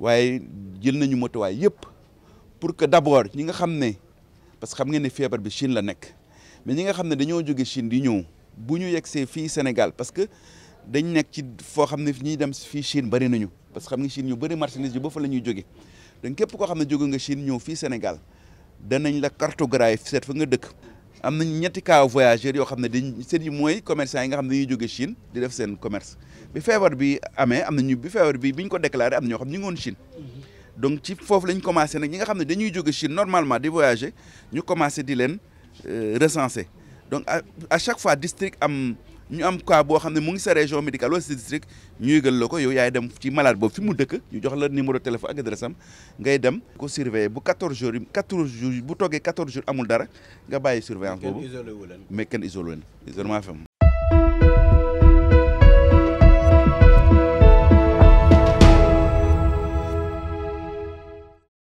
waaye jël nañu motuwaay yëpp pour que d'abord ñi nga xam ne parce que xam ngeen ne feebar bi Chine la nekk mais ñi nga xam ne dañoo jóge Chine di ñëw bu ñu yegsee fii Sénégal parce que dañ nekk ci foo xam ne ñiy dem fii Chine bari nañu parce que xam nga Chine ñu bari marchandise yu ba fa la ñuy jóge donc képp koo xam ne jóge nga Chine ñëw fii Sénégal nañ la cartographie seet fa nga dëkk am nañ ñetti cas voyageurs yoo xam ne dañ seen yi commerçant yi nga xam dañuy jóge Chine di def seen commerce bi février bi amé amna ñu bi février bi biñ ko déclarer am na ñoo xam ñu ngi Chine mhm. donc ci foofu lañ commencé nak ñi nga xamné dañuy joggé Chine normalement di voyager ñu commencé di leen euh, recenser donc à chaque fois district am ñu am cas boo xam ne mu ngi sa région médicale wala sa district ñu yëgal la ko yow yaay dem ci malade boobu fi mu dëkk ñu jox la numéro téléphone ak adresse am ngay dem ko surveiller bu 14 jours yi 14 bu toggee 14 jours amul dara nga bàyyi surveillance boobu mais kenn isolé wu leen isolement